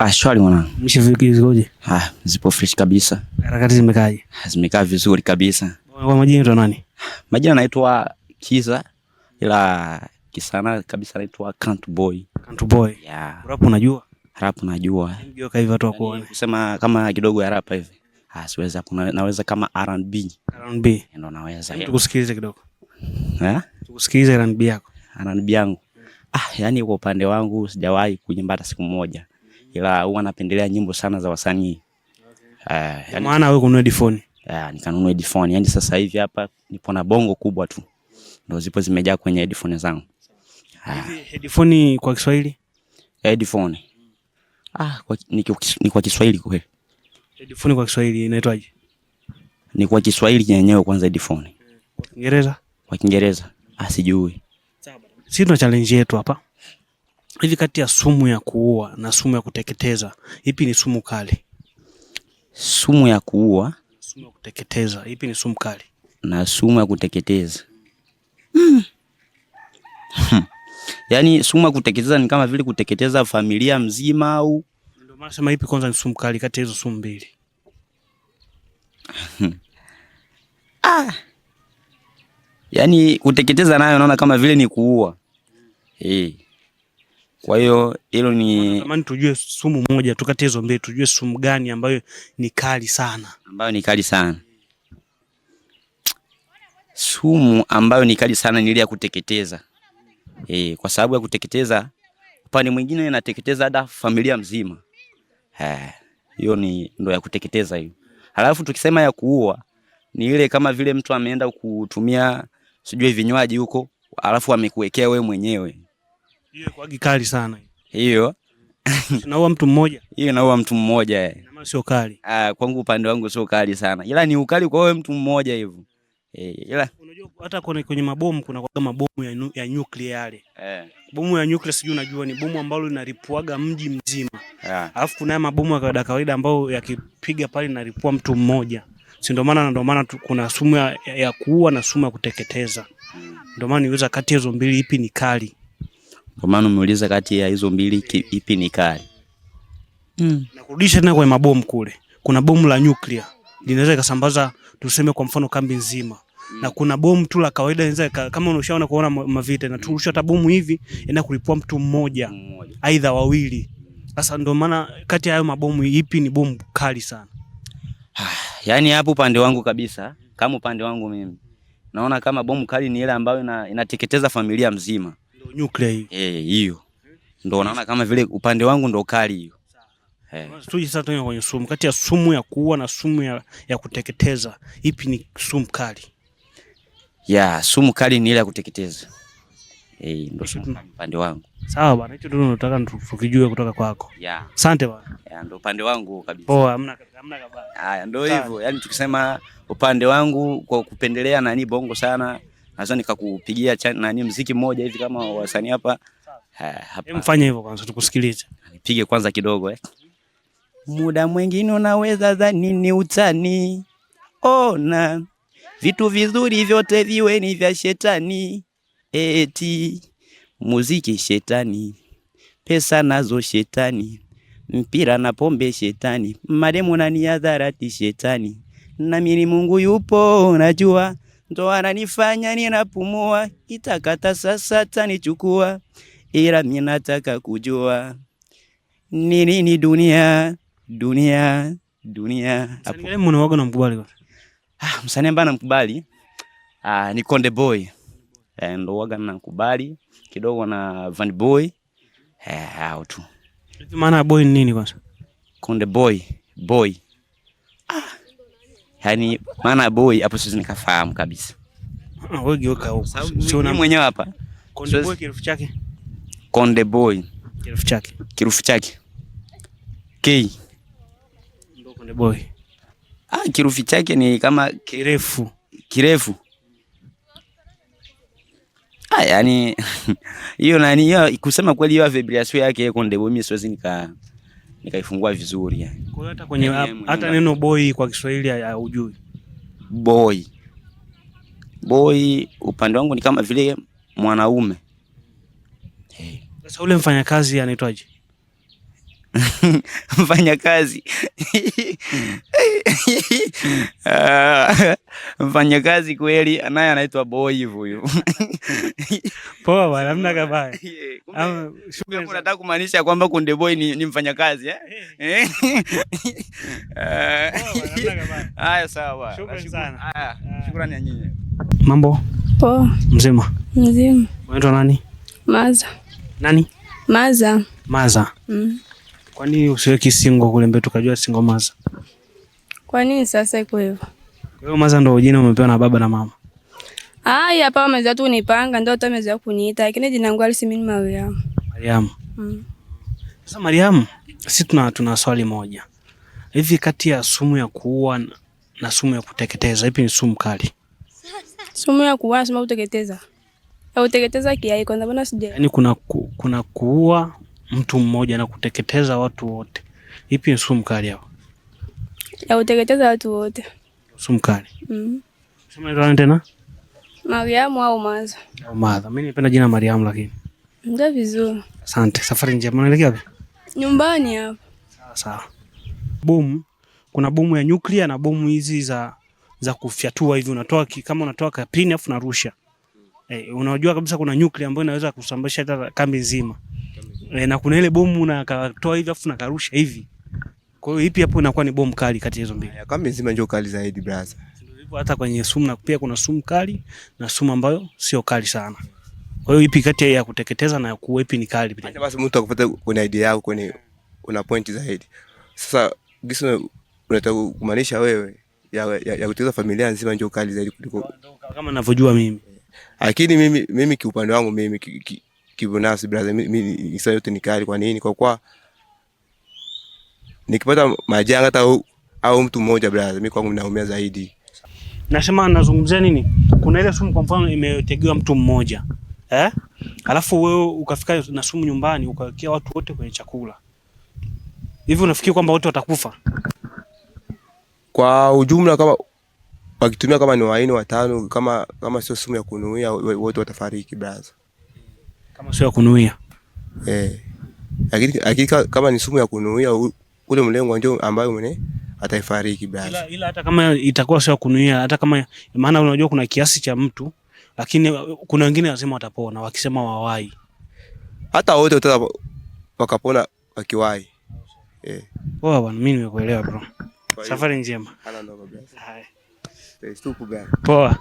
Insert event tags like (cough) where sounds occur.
Ah, shwari mwanangu. Mishiviki zikoje? Ah, zipo fresh kabisa. Harakati zimekaje? Zimekaa vizuri kabisa. Kwa majina unaitwa nani? Majina naitwa Kiza ila kisana kabisa naitwa Kantu Boy. Kantu Boy. Yeah. Rap unajua? Rap najua. Unajua kaiva tu kwa kusema kama kidogo ya rap hivi. Ah, siweza kuna naweza kama R&B. R&B. Eh, Ndio naweza. Tukusikilize kidogo. Eh? Tukusikilize R&B yako. R&B yangu. Ah, yani kwa upande wangu sijawahi kunyimba hata siku moja ila huwa napendelea nyimbo sana za wasanii okay. Uh, maana wewe kununua headphone uh, nikanunua headphone Yaani sasa hivi hapa nipo na bongo kubwa tu ndio zipo zimejaa kwenye headphone zangu. Uh, headphone kwa Kiswahili headphone ah, kwa, ni, ni kwa Kiswahili kweli headphone kwa Kiswahili inaitwaje? Ni kwa Kiswahili yenyewe kwanza headphone. Kwa Kiingereza? Kwa Kiingereza. Ah, sijui. Sawa. Sisi tuna challenge yetu hapa hivi kati ya sumu ya kuua na sumu ya kuteketeza ipi ni sumu kali? Sumu ya kuua, sumu ya kuteketeza ipi ni sumu kali? Na sumu ya kuteketeza mm. Yaani sumu ya kuteketeza ni kama vile kuteketeza familia mzima au ndio maana sema ipi kwanza ni sumu kali kati ya hizo sumu mbili? Hmm. Ah. Yaani kuteketeza nayo naona kama vile ni kuua. Eh. Hey. Kwa hiyo hilo ni natamani tujue sumu moja, tukate hizo mbili, tujue sumu gani ambayo ni kali sana, ambayo ni kali sana. Sumu ambayo ni kali sana ni ile ya kuteketeza e, kwa sababu ya kuteketeza upande mwingine inateketeza hata familia mzima. Hiyo ni ndo ya kuteketeza hiyo. Halafu tukisema ya kuua ni ile kama vile mtu ameenda kutumia sijui vinywaji huko, alafu amekuwekea wewe mwenyewe hiyo kwa kali sana hiyo. (laughs) Naua mtu mmoja. Hiyo naua mtu mmoja eh. Na sio kali. Ah, kwangu upande wangu sio kali sana. Ila ni ukali kwa wewe mtu mmoja hivyo. Eh, ila unajua hata kwenye kwenye mabomu kuna kwa mabomu ya, ya nuclear yale. Eh. Bomu ya nuclear sijui unajua ni bomu ambalo linalipuaga mji mzima. Ah. Alafu kuna mabomu ya kawaida kawaida ambayo yakipiga pale linalipua mtu mmoja. Si ndio maana ndio maana kuna sumu ya, ya kuua na sumu ya kuteketeza. Hmm. Ndio maana niweza kati hizo mbili ipi ni kali? Kwa maana umeuliza kati ya hizo mbili ipi ni kali. Mm. Na kurudisha tena kwa mabomu kule. Kuna bomu la nyuklia linaweza ikasambaza tuseme kwa mfano kambi nzima. Mm. Na kuna bomu tu la kawaida inaweza kama unashaona kuona mavita na turusha hata bomu hivi ina kulipua mtu mmoja aidha wawili. Sasa ndio maana kati ya hayo mabomu ipi ni bomu kali sana? Ah, yaani hapo upande wangu kabisa, kama upande wangu mimi naona kama bomu kali ni ile ambayo ina, inateketeza familia mzima nuclear hiyo. Eh, hiyo. Ndio unaona kama vile upande wangu ndio kali hiyo. Eh. Tuje sasa tuende kwenye sumu. Kati ya sumu ya kuua na sumu ya, ya kuteketeza, ipi ni sumu kali? Ya, sumu kali ni ile ya kuteketeza. Eh, ndio sumu upande wangu. Sawa bwana, hicho ndio nataka tukijue kutoka kwako. Ya. Asante bwana. Ya, ndio upande wangu kabisa. Poa, hamna hamna kabisa. Haya, ndio hivyo. Yaani tukisema upande wangu kwa kupendelea nani bongo sana naweza nikakupigia nani mziki mmoja hivi kama wasanii hapa. Mfanye hivyo kwanza tukusikilize. Nipige kwanza kidogo eh. Muda mwingine unaweza dhani ni utani, ona vitu vizuri vyote viwe ni vya shetani, eti muziki shetani, pesa nazo shetani, mpira na pombe shetani, mademu na niadharati shetani, na mimi Mungu yupo najua ndo ananifanya ninapumua, itakata sasa tanichukua, ila mimi nataka kujua ni nini dunia dunia dunia. Ah, msanii ambaye namkubali ah, ni Konde Boy eh, ndo waga nakubali kidogo na Van Boy eh, au tu maana boy ni nini kwanza? Konde Boy boy yani maana boy hapo siwezi nikafahamu kabisa. Ah, wewe geuka huko. na mwenyewe hapa. Konde boy kirufu chake. Konde boy kirufu chake. Kirufu chake. K. Ndio konde boy. Ah, kirufu chake ni kama kirefu. Kirefu. Ah, yani (laughs) hiyo nani hiyo kusema kweli hiyo vibrasio yake konde boy mimi siwezi nika nikaifungua vizuri yani. Kwa hiyo hata kwenye yaani hata neno boy kwa Kiswahili haujui boy. Boy upande wangu ni kama vile mwanaume. Sasa hey. Ule mfanyakazi anaitwaje? (laughs) mfanyakazi (laughs) Mfanyakazi kweli, naye anaitwa Boy huyu. (laughs) Poa bwana, kabaya. (laughs) unataka kumaanisha kwamba kunde Boy ni, ni mfanyakazi Eh. eh. eh. Haya sawa. Shukrani sana. Haya, shukrani nyinyi. Mambo? Poa. Mzima. Mzima. Unaitwa nani? Maza. Nani? Maza. Maza. Mm. Kwa nini usiweki singo kule mbele tukajua singo Maza? Kwa nini sasa iko hivyo? Kwa hiyo Maza ndio jina umepewa na baba na mama? Ai, hapa wamezaa tu nipanga ndio wamezaa kuniita, lakini jina langu halisi mimi Mariam. Mariam. Mm. Sasa Mariam, sisi tuna tuna swali moja. Hivi kati ya sumu ya kuua na sumu ya kuteketeza, ipi ni sumu kali? Sumu ya kuua na sumu ya kuteketeza. Ya kuteketeza kiasi, kwa sababu na sija. Yaani kuna ku, kuna kuua mtu mmoja na kuteketeza watu wote. Ipi ni sumu kali hapo? Ya kuteketeza watu wote. Sumu kali. Mhm. Sema ndio tena? Mariamu au Maza? Au Maza. Mimi nipenda jina Mariamu lakini. Ndio vizuri. Asante. Safari njema. Unaelekea wapi? Nyumbani hapo. Sawa sawa. Boom. kuna bomu ya nyuklia na bomu hizi za za kufyatua hivi unatoa kama unatoa kapini afu narusha. Eh, unajua kabisa kuna nyuklia ambayo inaweza kusambasha hata kambi nzima e, na kuna ile bomu na akatoa hivi afu na karusha hivi. Kwa hiyo ipi hapo inakuwa ni bomu kali kati ya hizo mbili? Kama mzima ndio kali zaidi brother. Ndio hata kwenye sumu na pia kuna sumu kali na sumu ambayo sio kali sana. Kwa hiyo ipi kati ya kuteketeza na kuwa ipi ni kali pia? Hata basi mtu akupata kwenye idea yako kwenye una point zaidi. Sasa gisi unataka kumaanisha wewe ya, ya, ya kuteketeza familia nzima ndio kali zaidi kuliko kama ninavyojua mimi. Lakini mimi mimi kiupande wangu mimi ki, ki, kibinafsi brother, mimi saa yote ni nikali. Kwa nini? Kwa kwa nikipata majanga hata au, au mtu mmoja brother, mimi kwangu naumia zaidi. Nasema nazungumzia nini? Kuna ile sumu kwa mfano imetegewa mtu mmoja eh, alafu wewe ukafika na sumu nyumbani ukawekea watu wote kwenye chakula hivi, unafikiri kwamba wote watakufa kwa ujumla? Kama wakitumia kama ni waini watano, kama kama sio sumu ya kunuia, wote watafariki brother kama sio ya kunuia eh, lakini lakini kama ni sumu ya kunuia, ule mlengwa ndio ambayo mwenye ataifariki basi, ila hata kama itakuwa sio kunuia, hata kama maana, unajua kuna kiasi cha mtu, lakini kuna wengine lazima watapona, wakisema wawai, hata wote watapona wakapona wakiwai. Eh, poa bwana, mimi nimekuelewa bro. Safari njema. Poa.